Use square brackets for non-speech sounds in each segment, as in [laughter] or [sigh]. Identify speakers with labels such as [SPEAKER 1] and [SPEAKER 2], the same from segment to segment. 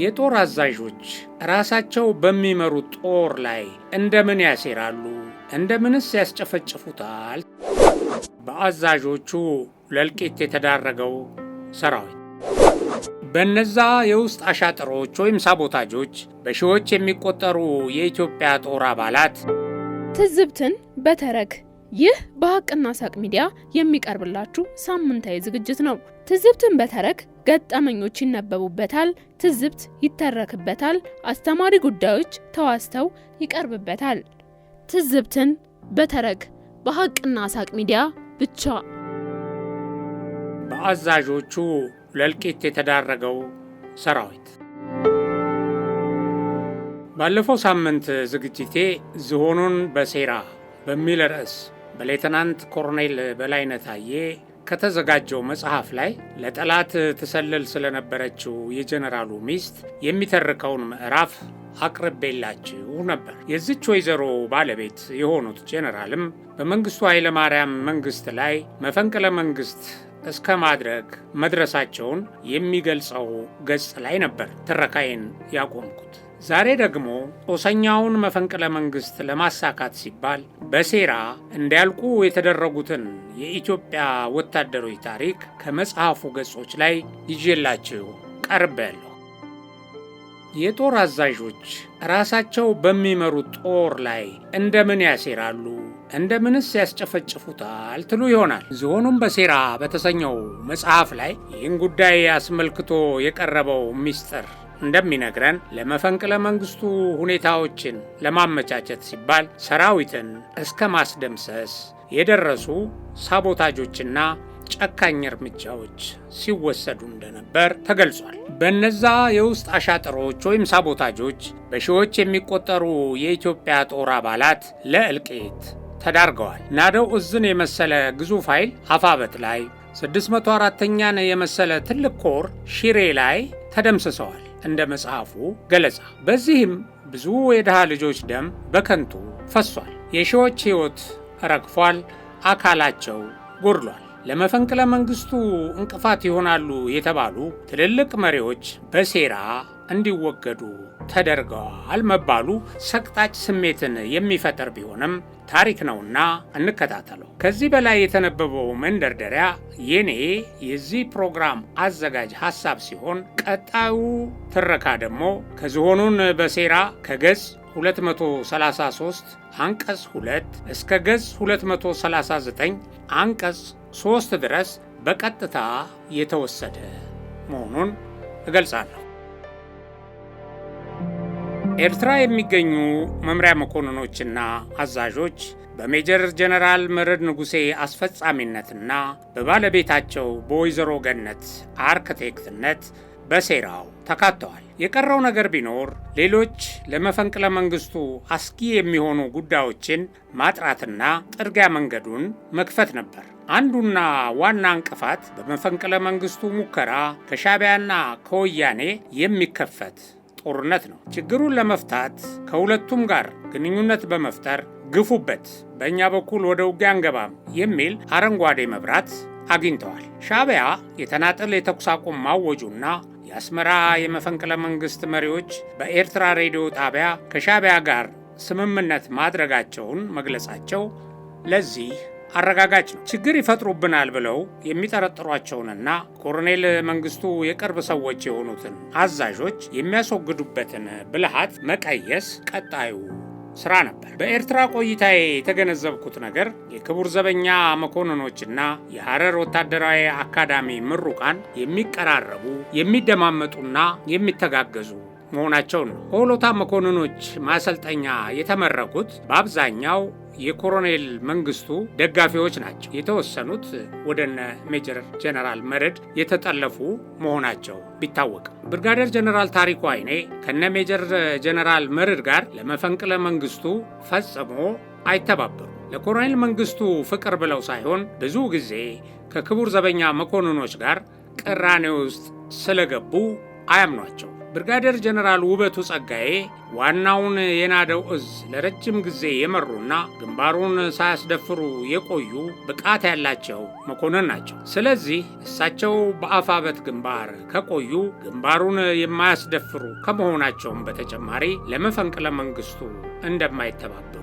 [SPEAKER 1] የጦር አዛዦች ራሳቸው በሚመሩት ጦር ላይ እንደምን ያሴራሉ? እንደምንስ ያስጨፈጭፉታል? በአዛዦቹ ለእልቂት የተዳረገው ሰራዊት በነዛ የውስጥ አሻጥሮች ወይም ሳቦታጆች በሺዎች የሚቆጠሩ የኢትዮጵያ ጦር አባላት
[SPEAKER 2] ትዝብትን በተረክ ይህ በሀቅና ሳቅ ሚዲያ የሚቀርብላችሁ ሳምንታዊ ዝግጅት ነው። ትዝብትን በተረክ ገጠመኞች ይነበቡበታል፣ ትዝብት ይተረክበታል፣ አስተማሪ ጉዳዮች ተዋስተው ይቀርብበታል። ትዝብትን በተረክ በሀቅና ሳቅ ሚዲያ ብቻ።
[SPEAKER 1] በአዛዦቹ ለእልቂት የተዳረገው ሰራዊት ባለፈው ሳምንት ዝግጅቴ ዝሆኑን በሴራ በሚል ርዕስ በሌተናንት ኮሎኔል በላይነህ ታዬ ከተዘጋጀው መጽሐፍ ላይ ለጠላት ትሰልል ስለነበረችው የጀነራሉ ሚስት የሚተርከውን ምዕራፍ አቅርቤላችሁ ነበር። የዚች ወይዘሮ ባለቤት የሆኑት ጄኔራልም በመንግስቱ ኃይለማርያም መንግስት ላይ መፈንቅለ መንግስት እስከ ማድረግ መድረሳቸውን የሚገልጸው ገጽ ላይ ነበር ትረካዬን ያቆምኩት። ዛሬ ደግሞ ጦሰኛውን መፈንቅለ መንግሥት ለማሳካት ሲባል በሴራ እንዲያልቁ የተደረጉትን የኢትዮጵያ ወታደሮች ታሪክ ከመጽሐፉ ገጾች ላይ ይዤላችሁ ቀርቤያለሁ። የጦር አዛዦች ራሳቸው በሚመሩት ጦር ላይ እንደምን ያሴራሉ? እንደምንስ ያስጨፈጭፉታል ትሉ ይሆናል። ዝሆኑም በሴራ በተሰኘው መጽሐፍ ላይ ይህን ጉዳይ አስመልክቶ የቀረበው ምስጢር እንደሚነግረን ለመፈንቅለ መንግስቱ ሁኔታዎችን ለማመቻቸት ሲባል ሰራዊትን እስከ ማስደምሰስ የደረሱ ሳቦታጆችና ጨካኝ እርምጃዎች ሲወሰዱ እንደነበር ተገልጿል። በነዛ የውስጥ አሻጥሮች ወይም ሳቦታጆች በሺዎች የሚቆጠሩ የኢትዮጵያ ጦር አባላት ለእልቄት ተዳርገዋል። ናደው እዝን የመሰለ ግዙፍ ኃይል አፋበት ላይ 604ኛን የመሰለ ትልቅ ኮር ሽሬ ላይ ተደምስሰዋል። እንደ መጽሐፉ ገለጻ። በዚህም ብዙ የድሃ ልጆች ደም በከንቱ ፈሷል። የሺዎች ሕይወት ረግፏል፣ አካላቸው ጎድሏል። ለመፈንቅለ መንግስቱ እንቅፋት ይሆናሉ የተባሉ ትልልቅ መሪዎች በሴራ እንዲወገዱ ተደርገዋል መባሉ ሰቅጣጭ ስሜትን የሚፈጥር ቢሆንም ታሪክ ነውና እንከታተለው። ከዚህ በላይ የተነበበው መንደርደሪያ የኔ የዚህ ፕሮግራም አዘጋጅ ሐሳብ ሲሆን ቀጣዩ ትረካ ደግሞ ከዝሆኑን በሴራ ከገጽ 233 አንቀጽ 2 እስከ ገጽ 239 አንቀጽ 3 ድረስ በቀጥታ የተወሰደ መሆኑን እገልጻለሁ። ኤርትራ የሚገኙ መምሪያ መኮንኖችና አዛዦች በሜጀር ጀነራል መረድ ንጉሴ አስፈጻሚነትና በባለቤታቸው በወይዘሮ ገነት አርክቴክትነት በሴራው ተካተዋል። የቀረው ነገር ቢኖር ሌሎች ለመፈንቅለ መንግስቱ አስጊ የሚሆኑ ጉዳዮችን ማጥራትና ጥርጊያ መንገዱን መክፈት ነበር። አንዱና ዋና እንቅፋት በመፈንቅለ መንግስቱ ሙከራ ከሻቢያና ከወያኔ የሚከፈት ጦርነት ነው። ችግሩን ለመፍታት ከሁለቱም ጋር ግንኙነት በመፍጠር ግፉበት፣ በእኛ በኩል ወደ ውጊያ አንገባም የሚል አረንጓዴ መብራት አግኝተዋል። ሻቢያ የተናጠል የተኩስ አቁም ማወጁና የአስመራ የመፈንቅለ መንግሥት መሪዎች በኤርትራ ሬዲዮ ጣቢያ ከሻቢያ ጋር ስምምነት ማድረጋቸውን መግለጻቸው ለዚህ አረጋጋጭ ነው። ችግር ይፈጥሩብናል ብለው የሚጠረጥሯቸውንና ኮሎኔል መንግስቱ የቅርብ ሰዎች የሆኑትን አዛዦች የሚያስወግዱበትን ብልሃት መቀየስ ቀጣዩ ስራ ነበር። በኤርትራ ቆይታዬ የተገነዘብኩት ነገር የክቡር ዘበኛ መኮንኖችና የሐረር ወታደራዊ አካዳሚ ምሩቃን የሚቀራረቡ የሚደማመጡና የሚተጋገዙ መሆናቸው ነው። ሆሎታ መኮንኖች ማሰልጠኛ የተመረቁት በአብዛኛው የኮሎኔል መንግስቱ ደጋፊዎች ናቸው። የተወሰኑት ወደነ ሜጀር ጀነራል መረድ የተጠለፉ መሆናቸው ቢታወቅ ብርጋደር ጀነራል ታሪኩ አይኔ ከነ ሜጀር ጀነራል መረድ ጋር ለመፈንቅለ መንግስቱ ፈጽሞ አይተባበሩ። ለኮሎኔል መንግስቱ ፍቅር ብለው ሳይሆን ብዙ ጊዜ ከክቡር ዘበኛ መኮንኖች ጋር ቅራኔ ውስጥ ስለገቡ አያምኗቸው። ብርጋዴር ጀነራል ውበቱ ጸጋዬ ዋናውን የናደው እዝ ለረጅም ጊዜ የመሩና ግንባሩን ሳያስደፍሩ የቆዩ ብቃት ያላቸው መኮንን ናቸው። ስለዚህ እሳቸው በአፋበት ግንባር ከቆዩ ግንባሩን የማያስደፍሩ ከመሆናቸውም በተጨማሪ ለመፈንቅለ መንግስቱ እንደማይተባበሩ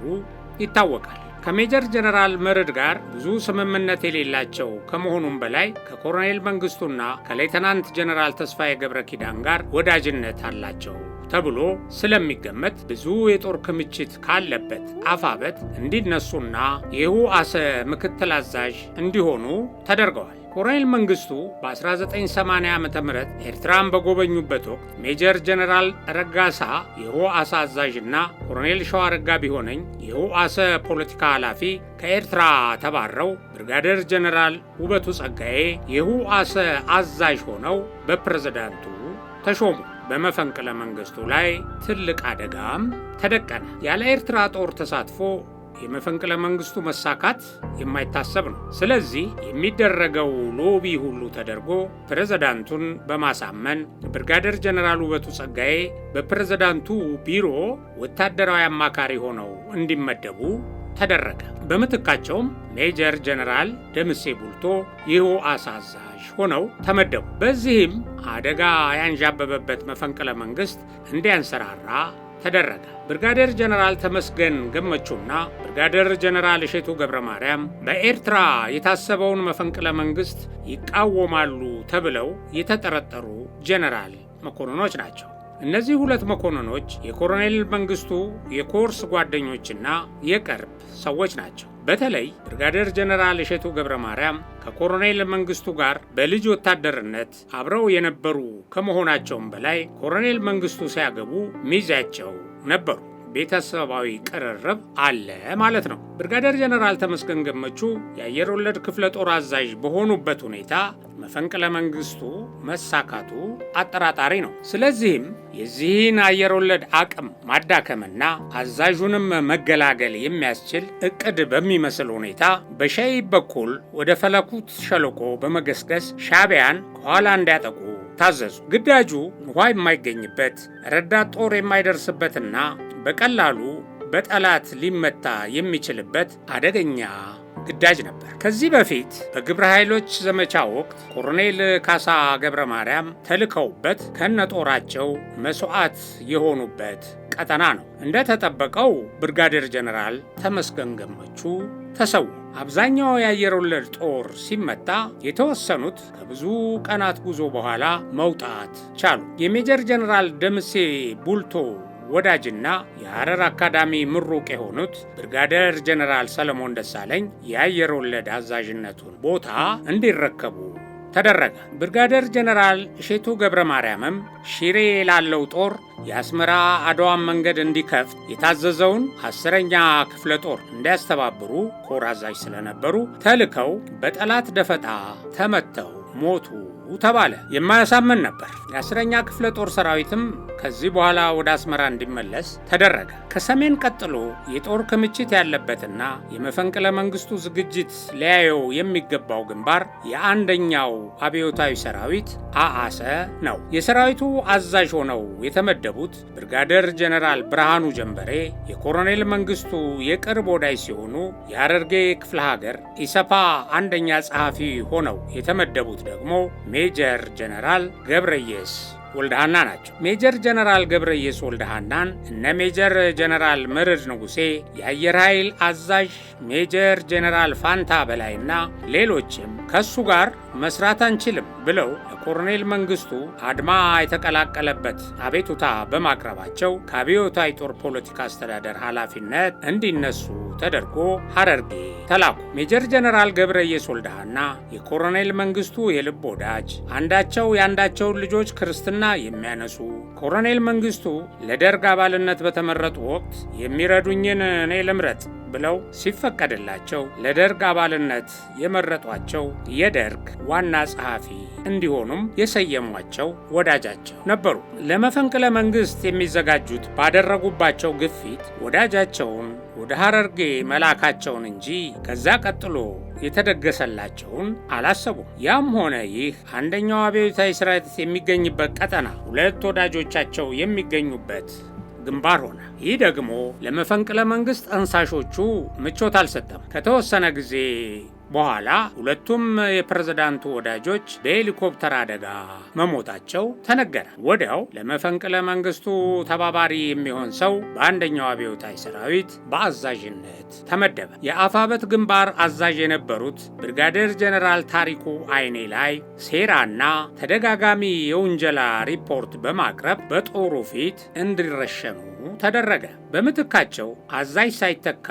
[SPEAKER 1] ይታወቃል። ከሜጀር ጀነራል መርድ ጋር ብዙ ስምምነት የሌላቸው ከመሆኑም በላይ ከኮሎኔል መንግስቱና ከሌተናንት ጀነራል ተስፋዬ ገብረ ኪዳን ጋር ወዳጅነት አላቸው ተብሎ ስለሚገመት ብዙ የጦር ክምችት ካለበት አፋበት እንዲነሱና አሰ ምክትል አዛዥ እንዲሆኑ ተደርገዋል። ኮሎኔል መንግስቱ በ1980 ዓ ም ኤርትራን በጎበኙበት ወቅት ሜጀር ጀነራል ረጋሳ የህወአሳ አዛዥና ኮሎኔል ረጋ ቢሆነኝ የህወአሰ ፖለቲካ ኃላፊ ከኤርትራ ተባረው ብርጋደር ጀነራል ውበቱ ጸጋዬ የህወአሰ አዛዥ ሆነው በፕሬዝዳንቱ ተሾሙ። በመፈንቅለ መንግስቱ ላይ ትልቅ አደጋም ተደቀነ። ያለ ኤርትራ ጦር ተሳትፎ የመፈንቅለ መንግስቱ መሳካት የማይታሰብ ነው። ስለዚህ የሚደረገው ሎቢ ሁሉ ተደርጎ ፕሬዝዳንቱን በማሳመን ብርጋደር ጀነራል ውበቱ ጸጋዬ በፕሬዝዳንቱ ቢሮ ወታደራዊ አማካሪ ሆነው እንዲመደቡ ተደረገ። በምትካቸውም ሜጀር ጀነራል ደምሴ ቡልቶ ይህ አሳዛዥ ሆነው ተመደቡ። በዚህም አደጋ ያንዣበበበት መፈንቅለ መንግስት እንዲያንሰራራ ተደረገ። ብርጋዴር ጀነራል ተመስገን ገመቹና ብርጋዴር ጀነራል እሸቱ ገብረ ማርያም በኤርትራ የታሰበውን መፈንቅለ መንግሥት ይቃወማሉ ተብለው የተጠረጠሩ ጀነራል መኮንኖች ናቸው። እነዚህ ሁለት መኮንኖች የኮሎኔል መንግስቱ የኮርስ ጓደኞችና የቅርብ ሰዎች ናቸው። በተለይ ብርጋደር ጀነራል እሸቱ ገብረ ማርያም ከኮሎኔል መንግስቱ ጋር በልጅ ወታደርነት አብረው የነበሩ ከመሆናቸውም በላይ ኮሎኔል መንግስቱ ሲያገቡ ሚዛቸው ነበሩ። ቤተሰባዊ ቅርርብ አለ ማለት ነው። ብርጋደር ጀነራል ተመስገን ገመቹ የአየር ወለድ ክፍለ ጦር አዛዥ በሆኑበት ሁኔታ መፈንቅለ መንግስቱ መሳካቱ አጠራጣሪ ነው። ስለዚህም የዚህን አየር ወለድ አቅም ማዳከምና አዛዡንም መገላገል የሚያስችል እቅድ በሚመስል ሁኔታ በሻይ በኩል ወደ ፈለኩት ሸለቆ በመገስገስ ሻቢያን ከኋላ እንዲያጠቁ ታዘዙ። ግዳጁ ውሃ የማይገኝበት ረዳት ጦር የማይደርስበትና በቀላሉ በጠላት ሊመታ የሚችልበት አደገኛ ግዳጅ ነበር። ከዚህ በፊት በግብረ ኃይሎች ዘመቻ ወቅት ኮሎኔል ካሳ ገብረ ማርያም ተልከውበት ከነጦራቸው መስዋዕት የሆኑበት ቀጠና ነው። እንደተጠበቀው ብርጋዴር ጀነራል ተመስገን ገመቹ ተሰው አብዛኛው የአየር ወለድ ጦር ሲመታ የተወሰኑት ከብዙ ቀናት ጉዞ በኋላ መውጣት ቻሉ። የሜጀር ጀነራል ደምሴ ቡልቶ ወዳጅና የሐረር አካዳሚ ምሩቅ የሆኑት ብርጋደር ጀነራል ሰለሞን ደሳለኝ የአየር ወለድ አዛዥነቱን ቦታ እንዲረከቡ ተደረገ። ብርጋደር ጀነራል እሼቱ ገብረ ማርያምም ሺሬ ላለው ጦር የአስመራ አድዋን መንገድ እንዲከፍት የታዘዘውን አስረኛ ክፍለ ጦር እንዲያስተባብሩ ኮር አዛዥ ስለነበሩ ተልከው በጠላት ደፈጣ ተመተው ሞቱ ተባለ። የማያሳምን ነበር። የአስረኛ ክፍለ ጦር ሰራዊትም ከዚህ በኋላ ወደ አስመራ እንዲመለስ ተደረገ። ከሰሜን ቀጥሎ የጦር ክምችት ያለበትና የመፈንቅለ መንግስቱ ዝግጅት ሊያየው የሚገባው ግንባር የአንደኛው አብዮታዊ ሰራዊት አአሰ ነው። የሰራዊቱ አዛዥ ሆነው የተመደቡት ብርጋደር ጀነራል ብርሃኑ ጀንበሬ የኮሎኔል መንግስቱ የቅርብ ወዳጅ ሲሆኑ የአረርጌ ክፍለ ሀገር ኢሰፓ አንደኛ ጸሐፊ ሆነው የተመደቡት ደግሞ ሜጀር ጀነራል ገብረየስ ወልደሃና ናቸው። ሜጀር ጀነራል ገብረ ኢየሱስ ወልደሃናን እነ ሜጀር ጀነራል ምርድ ንጉሴ፣ የአየር ኃይል አዛዥ ሜጀር ጀነራል ፋንታ በላይና ሌሎችም ከሱ ጋር መስራት አንችልም ብለው ኮሎኔል መንግስቱ አድማ የተቀላቀለበት አቤቱታ በማቅረባቸው ከአብዮታዊ ጦር ፖለቲካ አስተዳደር ኃላፊነት እንዲነሱ ተደርጎ ሐረርጌ ተላኩ። ሜጀር ጀነራል ገብረ ኢየሱስ ወልደሃና የኮሎኔል መንግስቱ የልብ ወዳጅ፣ አንዳቸው የአንዳቸውን ልጆች ክርስትና የሚያነሱ ኮሎኔል መንግስቱ ለደርግ አባልነት በተመረጡ ወቅት የሚረዱኝን እኔ ልምረጥ ብለው ሲፈቀድላቸው ለደርግ አባልነት የመረጧቸው የደርግ ዋና ጸሐፊ እንዲሆኑም የሰየሟቸው ወዳጃቸው ነበሩ። ለመፈንቅለ መንግሥት የሚዘጋጁት ባደረጉባቸው ግፊት ወዳጃቸውን ወደ ሐረርጌ መላካቸውን እንጂ ከዛ ቀጥሎ የተደገሰላቸውን አላሰቡም። ያም ሆነ ይህ አንደኛው አብዮታዊ ስርዓት የሚገኝበት ቀጠና ሁለት ወዳጆቻቸው የሚገኙበት ግንባር ሆነ። ይህ ደግሞ ለመፈንቅለ መንግሥት ጠንሳሾቹ ምቾት አልሰጠም። ከተወሰነ ጊዜ በኋላ ሁለቱም የፕሬዝዳንቱ ወዳጆች በሄሊኮፕተር አደጋ መሞታቸው ተነገረ። ወዲያው ለመፈንቅለ መንግስቱ ተባባሪ የሚሆን ሰው በአንደኛው አብዮታዊ ሰራዊት በአዛዥነት ተመደበ። የአፋበት ግንባር አዛዥ የነበሩት ብርጋዴር ጀነራል ታሪኩ አይኔ ላይ ሴራና ተደጋጋሚ የውንጀላ ሪፖርት በማቅረብ በጦሩ ፊት እንዲረሸኑ ተደረገ። በምትካቸው አዛዥ ሳይተካ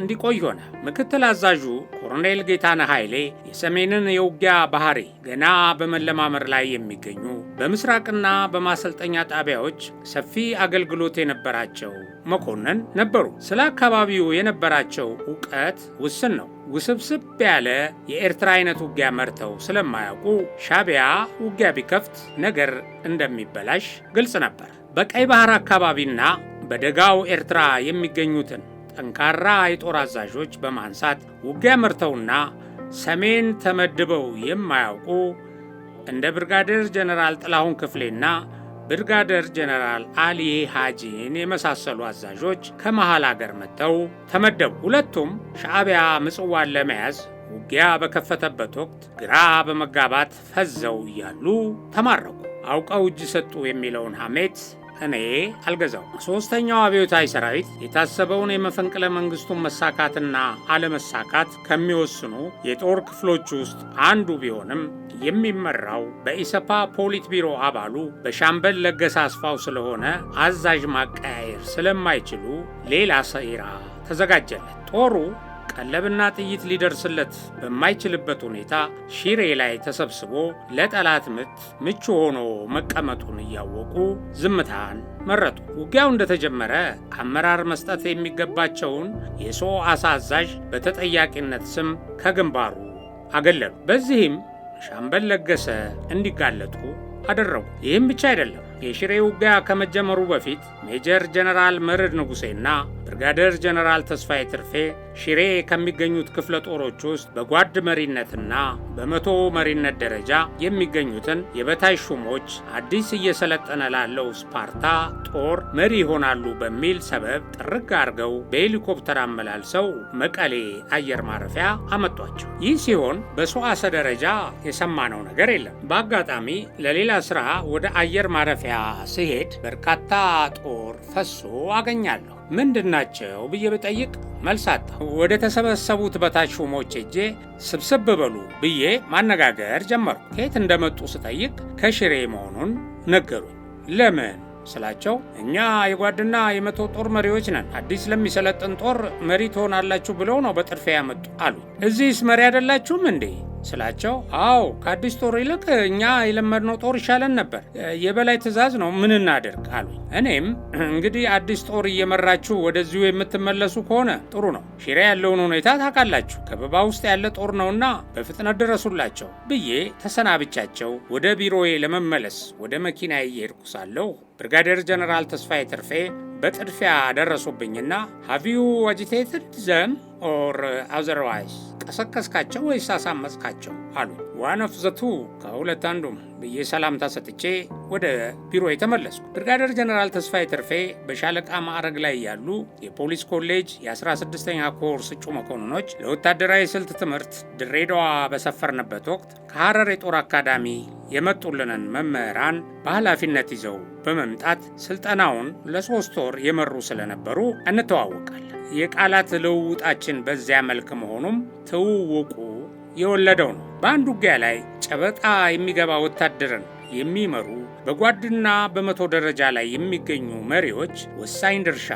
[SPEAKER 1] እንዲቆይ ሆነ። ምክትል አዛዡ ኮሎኔል ጌታነ ኃይሌ የሰሜንን የውጊያ ባህሪ ገና በመለማመር ላይ የሚገኙ በምስራቅና በማሰልጠኛ ጣቢያዎች ሰፊ አገልግሎት የነበራቸው መኮንን ነበሩ። ስለ አካባቢው የነበራቸው እውቀት ውስን ነው። ውስብስብ ያለ የኤርትራ አይነት ውጊያ መርተው ስለማያውቁ ሻቢያ ውጊያ ቢከፍት ነገር እንደሚበላሽ ግልጽ ነበር። በቀይ ባህር አካባቢና በደጋው ኤርትራ የሚገኙትን ጠንካራ የጦር አዛዦች በማንሳት ውጊያ መርተውና ሰሜን ተመድበው የማያውቁ እንደ ብርጋደር ጀነራል ጥላሁን ክፍሌና ብርጋደር ጀነራል አሊ ሃጂን የመሳሰሉ አዛዦች ከመሃል አገር መጥተው ተመደቡ። ሁለቱም ሻዕቢያ ምጽዋን ለመያዝ ውጊያ በከፈተበት ወቅት ግራ በመጋባት ፈዘው እያሉ ተማረኩ። አውቀው እጅ ሰጡ የሚለውን ሐሜት እኔ አልገዛው ሶስተኛው አብዮታዊ ሰራዊት የታሰበውን የመፈንቅለ መንግስቱን መሳካትና አለመሳካት ከሚወስኑ የጦር ክፍሎች ውስጥ አንዱ ቢሆንም የሚመራው በኢሰፓ ፖሊት ቢሮ አባሉ በሻምበል ለገሰ አስፋው ስለሆነ አዛዥ ማቀያየር ስለማይችሉ ሌላ ሴራ ተዘጋጀለት። ጦሩ ቀለብና ጥይት ሊደርስለት በማይችልበት ሁኔታ ሺሬ ላይ ተሰብስቦ ለጠላት ምት ምቹ ሆኖ መቀመጡን እያወቁ ዝምታን መረጡ። ውጊያው እንደተጀመረ አመራር መስጠት የሚገባቸውን የሰው አሳ አዛዥ በተጠያቂነት ስም ከግንባሩ አገለሉ። በዚህም ሻምበል ለገሰ እንዲጋለጡ አደረጉ። ይህም ብቻ አይደለም። የሽሬ ውጊያ ከመጀመሩ በፊት ሜጀር ጀነራል መርድ ንጉሴና ብርጋደር ጀነራል ተስፋዬ ትርፌ ሽሬ ከሚገኙት ክፍለ ጦሮች ውስጥ በጓድ መሪነትና በመቶ መሪነት ደረጃ የሚገኙትን የበታይ ሹሞች አዲስ እየሰለጠነ ላለው ስፓርታ ጦር መሪ ይሆናሉ በሚል ሰበብ ጥርግ አድርገው በሄሊኮፕተር አመላልሰው መቀሌ አየር ማረፊያ አመጧቸው። ይህ ሲሆን በሰዋሰ ደረጃ የሰማነው ነገር የለም። በአጋጣሚ ለሌላ ስራ ወደ አየር ማረፊያ ገበያ ስሄድ በርካታ ጦር ፈሶ አገኛለሁ። ምንድናቸው ብዬ ብጠይቅ መልስ አጣሁ። ወደ ተሰበሰቡት በታች ሹሞች እጄ ስብስብ በሉ ብዬ ማነጋገር ጀመርኩ። ከየት እንደመጡ ስጠይቅ ከሽሬ መሆኑን ነገሩኝ። ለምን ስላቸው እኛ የጓድና የመቶ ጦር መሪዎች ነን። አዲስ ለሚሰለጥን ጦር መሪ ትሆናላችሁ ብለው ነው በጥድፊያ ያመጡ አሉ። እዚህስ መሪ አይደላችሁም እንዴ ስላቸው አዎ፣ ከአዲስ ጦር ይልቅ እኛ የለመድነው ጦር ይሻለን ነበር። የበላይ ትዕዛዝ ነው፣ ምን እናደርግ አሉ። እኔም [clears throat] እንግዲህ አዲስ ጦር እየመራችሁ ወደዚሁ የምትመለሱ ከሆነ ጥሩ ነው፣ ሽሬ ያለውን ሁኔታ ታውቃላችሁ፣ ከበባ ውስጥ ያለ ጦር ነውና በፍጥነት ድረሱላቸው ብዬ ተሰናብቻቸው ወደ ቢሮዬ ለመመለስ ወደ መኪና እየሄድኩ ሳለሁ ብርጋዴር ጀነራል ተስፋዬ ትርፌ በጥድፊያ አደረሱብኝና ሀቪዩ አጂቴትድ ዘም ኦር አዘርዋይዝ ቀሰቀስካቸው ወይስ አሳመጽካቸው አሉ። ዋን ኦፍ ዘቱ ከሁለት አንዱም ብዬ ሰላምታ ሰጥቼ ወደ ቢሮ የተመለስኩ። ብርጋደር ጀነራል ተስፋዬ ትርፌ በሻለቃ ማዕረግ ላይ ያሉ የፖሊስ ኮሌጅ የ16ኛ ኮርስ እጩ መኮንኖች ለወታደራዊ ስልት ትምህርት ድሬዳዋ በሰፈርንበት ወቅት ከሐረር የጦር አካዳሚ የመጡልንን መምህራን በኃላፊነት ይዘው በመምጣት ስልጠናውን ለሶስት ወር የመሩ ስለነበሩ እንተዋወቃለን። የቃላት ልውውጣችን በዚያ መልክ መሆኑም ትውውቁ የወለደው ነው። በአንድ ውጊያ ላይ ጨበጣ የሚገባ ወታደርን የሚመሩ በጓድና በመቶ ደረጃ ላይ የሚገኙ መሪዎች ወሳኝ ድርሻ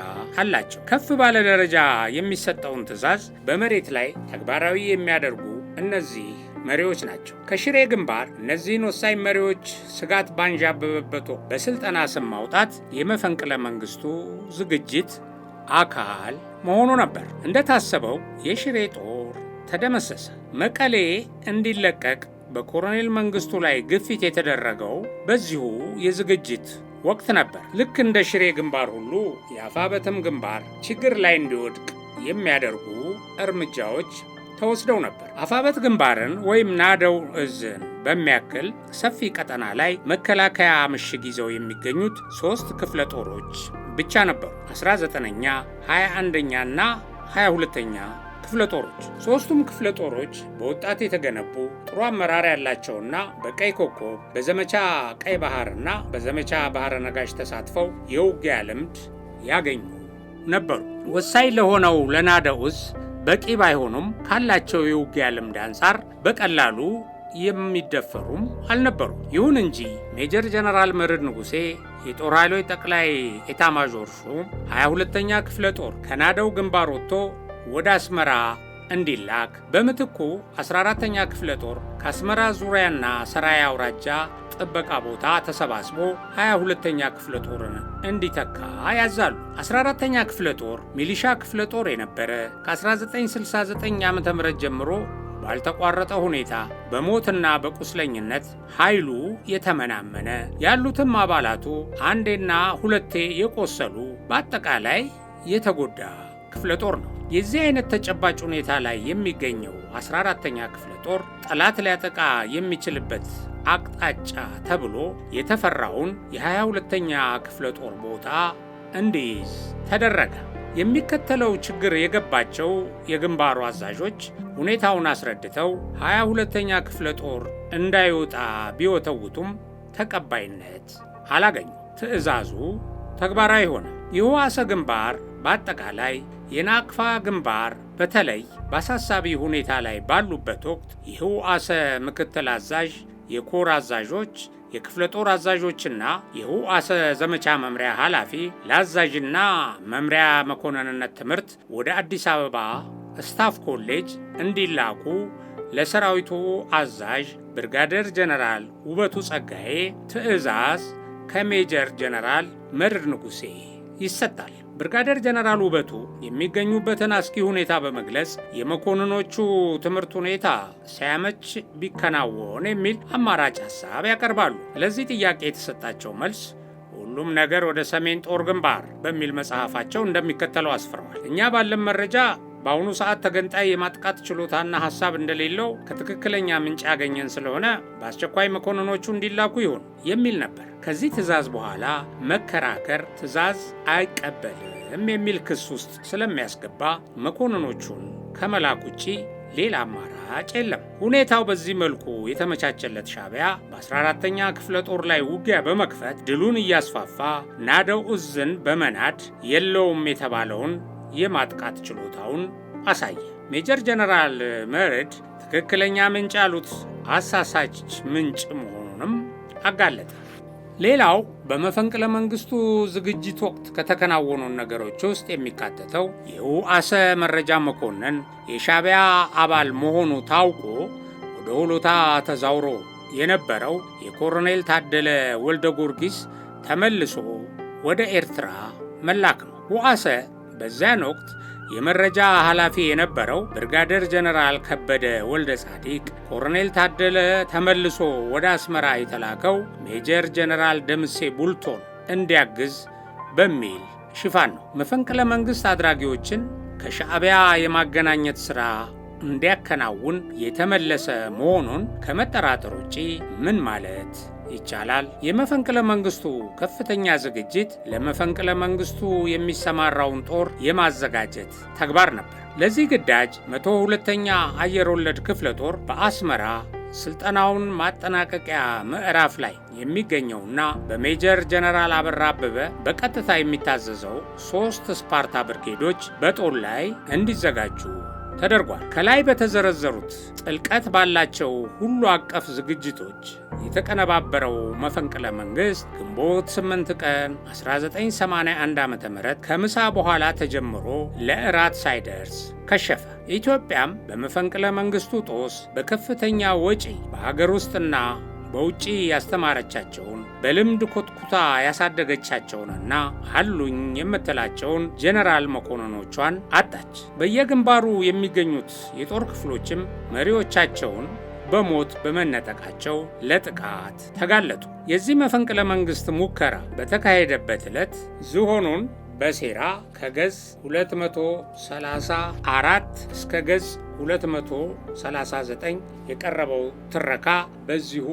[SPEAKER 1] አላቸው። ከፍ ባለ ደረጃ የሚሰጠውን ትዕዛዝ በመሬት ላይ ተግባራዊ የሚያደርጉ እነዚህ መሪዎች ናቸው። ከሽሬ ግንባር እነዚህን ወሳኝ መሪዎች ስጋት ባንዣበበበት በስልጠና ስም ማውጣት የመፈንቅለ መንግስቱ ዝግጅት አካል መሆኑ ነበር። እንደታሰበው የሽሬ ጦር ተደመሰሰ። መቀሌ እንዲለቀቅ በኮሎኔል መንግስቱ ላይ ግፊት የተደረገው በዚሁ የዝግጅት ወቅት ነበር። ልክ እንደ ሽሬ ግንባር ሁሉ የአፋበትም ግንባር ችግር ላይ እንዲወድቅ የሚያደርጉ እርምጃዎች ተወስደው ነበር። አፋበት ግንባርን ወይም ናደው እዝን በሚያክል ሰፊ ቀጠና ላይ መከላከያ ምሽግ ይዘው የሚገኙት ሦስት ክፍለ ጦሮች ብቻ ነበሩ 19ኛ 21ኛና 22ኛ ክፍለ ጦሮች። ሶስቱም ክፍለ ጦሮች በወጣት የተገነቡ ጥሩ አመራር ያላቸውና በቀይ ኮከብ በዘመቻ ቀይ ባህርና በዘመቻ ባህረ ነጋሽ ተሳትፈው የውጊያ ልምድ ያገኙ ነበሩ። ወሳኝ ለሆነው ለናደውዝ በቂ ባይሆኑም ካላቸው የውጊያ ልምድ አንጻር በቀላሉ የሚደፈሩም አልነበሩ። ይሁን እንጂ ሜጀር ጀነራል መርድ ንጉሴ የጦር ኃይሎች ጠቅላይ ኤታማዦር ሹም 22ኛ ክፍለ ጦር ከናደው ግንባር ወጥቶ ወደ አስመራ እንዲላክ በምትኩ 14ኛ ክፍለ ጦር ከአስመራ ዙሪያና ሰራያ አውራጃ ጥበቃ ቦታ ተሰባስቦ 22ኛ ክፍለ ጦርን እንዲተካ ያዛሉ። 14ኛ ክፍለ ጦር ሚሊሻ ክፍለ ጦር የነበረ ከ1969 ዓ ም ጀምሮ ባልተቋረጠ ሁኔታ በሞትና በቁስለኝነት ኃይሉ የተመናመነ ያሉትም አባላቱ አንዴና ሁለቴ የቆሰሉ በአጠቃላይ የተጎዳ ክፍለ ጦር ነው። የዚህ አይነት ተጨባጭ ሁኔታ ላይ የሚገኘው 14ተኛ ክፍለ ጦር ጠላት ሊያጠቃ የሚችልበት አቅጣጫ ተብሎ የተፈራውን የ22ተኛ ክፍለ ጦር ቦታ እንዲይዝ ተደረገ። የሚከተለው ችግር የገባቸው የግንባሩ አዛዦች ሁኔታውን አስረድተው 22ኛ ክፍለ ጦር እንዳይወጣ ቢወተውቱም ተቀባይነት አላገኙ። ትዕዛዙ ተግባራዊ ሆነ። የህዋሰ ግንባር በአጠቃላይ የናቅፋ ግንባር በተለይ በአሳሳቢ ሁኔታ ላይ ባሉበት ወቅት የህዋሰ ምክትል አዛዥ የኮር አዛዦች የክፍለ ጦር አዛዦችና የሁአሰ ዘመቻ መምሪያ ኃላፊ ለአዛዥና መምሪያ መኮንንነት ትምህርት ወደ አዲስ አበባ ስታፍ ኮሌጅ እንዲላኩ ለሰራዊቱ አዛዥ ብርጋደር ጀነራል ውበቱ ጸጋዬ ትዕዛዝ ከሜጀር ጀነራል መድር ንጉሴ ይሰጣል። ብርጋደር ጀነራል ውበቱ የሚገኙበትን አስጊ ሁኔታ በመግለጽ የመኮንኖቹ ትምህርት ሁኔታ ሳያመች ቢከናወን የሚል አማራጭ ሀሳብ ያቀርባሉ። ለዚህ ጥያቄ የተሰጣቸው መልስ ሁሉም ነገር ወደ ሰሜን ጦር ግንባር በሚል መጽሐፋቸው እንደሚከተለው አስፍረዋል። እኛ ባለን መረጃ በአሁኑ ሰዓት ተገንጣይ የማጥቃት ችሎታና ሀሳብ እንደሌለው ከትክክለኛ ምንጭ ያገኘን ስለሆነ በአስቸኳይ መኮንኖቹ እንዲላኩ ይሁን የሚል ነበር። ከዚህ ትዕዛዝ በኋላ መከራከር ትዕዛዝ አይቀበልም የሚል ክስ ውስጥ ስለሚያስገባ መኮንኖቹን ከመላክ ውጪ ሌላ አማራጭ የለም። ሁኔታው በዚህ መልኩ የተመቻቸለት ሻቢያ በ14ተኛ ክፍለ ጦር ላይ ውጊያ በመክፈት ድሉን እያስፋፋ ናደው እዝን በመናድ የለውም የተባለውን የማጥቃት ችሎታውን አሳየ። ሜጀር ጀነራል መርድ ትክክለኛ ምንጭ ያሉት አሳሳች ምንጭ መሆኑንም አጋለጠ። ሌላው በመፈንቅለ መንግስቱ ዝግጅት ወቅት ከተከናወኑ ነገሮች ውስጥ የሚካተተው የውአሰ መረጃ መኮንን የሻቢያ አባል መሆኑ ታውቆ ወደ ሆሎታ ተዛውሮ የነበረው የኮሎኔል ታደለ ወልደ ጊዮርጊስ ተመልሶ ወደ ኤርትራ መላክ ነው። ውአሰ በዚያን ወቅት የመረጃ ኃላፊ የነበረው ብርጋደር ጀነራል ከበደ ወልደ ጻዲቅ፣ ኮሎኔል ታደለ ተመልሶ ወደ አስመራ የተላከው ሜጀር ጀነራል ደምሴ ቡልቶን እንዲያግዝ በሚል ሽፋን ነው። መፈንቅለ መንግሥት አድራጊዎችን ከሻዕቢያ የማገናኘት ሥራ እንዲያከናውን የተመለሰ መሆኑን ከመጠራጠር ውጪ ምን ማለት ይቻላል? የመፈንቅለ መንግስቱ ከፍተኛ ዝግጅት ለመፈንቅለ መንግስቱ የሚሰማራውን ጦር የማዘጋጀት ተግባር ነበር። ለዚህ ግዳጅ መቶ ሁለተኛ አየር ወለድ ክፍለ ጦር በአስመራ ስልጠናውን ማጠናቀቂያ ምዕራፍ ላይ የሚገኘውና በሜጀር ጀነራል አበራ አበበ በቀጥታ የሚታዘዘው ሦስት ስፓርታ ብርጌዶች በጦር ላይ እንዲዘጋጁ ተደርጓል። ከላይ በተዘረዘሩት ጥልቀት ባላቸው ሁሉ አቀፍ ዝግጅቶች የተቀነባበረው መፈንቅለ መንግስት ግንቦት 8 ቀን 1981 ዓ ም ከምሳ በኋላ ተጀምሮ ለእራት ሳይደርስ ከሸፈ። ኢትዮጵያም በመፈንቅለ መንግስቱ ጦስ በከፍተኛ ወጪ በሀገር ውስጥና በውጪ ያስተማረቻቸውን በልምድ ኮትኩታ ያሳደገቻቸውንና አሉኝ የምትላቸውን ጀነራል መኮንኖቿን አጣች። በየግንባሩ የሚገኙት የጦር ክፍሎችም መሪዎቻቸውን በሞት በመነጠቃቸው ለጥቃት ተጋለጡ። የዚህ መፈንቅለ መንግስት ሙከራ በተካሄደበት ዕለት ዝሆኑን በሴራ ከገጽ 234 እስከ ገጽ 239 የቀረበው ትረካ በዚሁ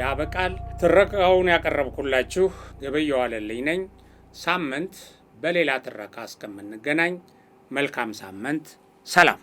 [SPEAKER 1] ያበቃል። ትረካውን ያቀረብኩላችሁ ገበየሁ አለልኝ ነኝ። ሳምንት በሌላ ትረካ እስከምንገናኝ መልካም ሳምንት፣ ሰላም።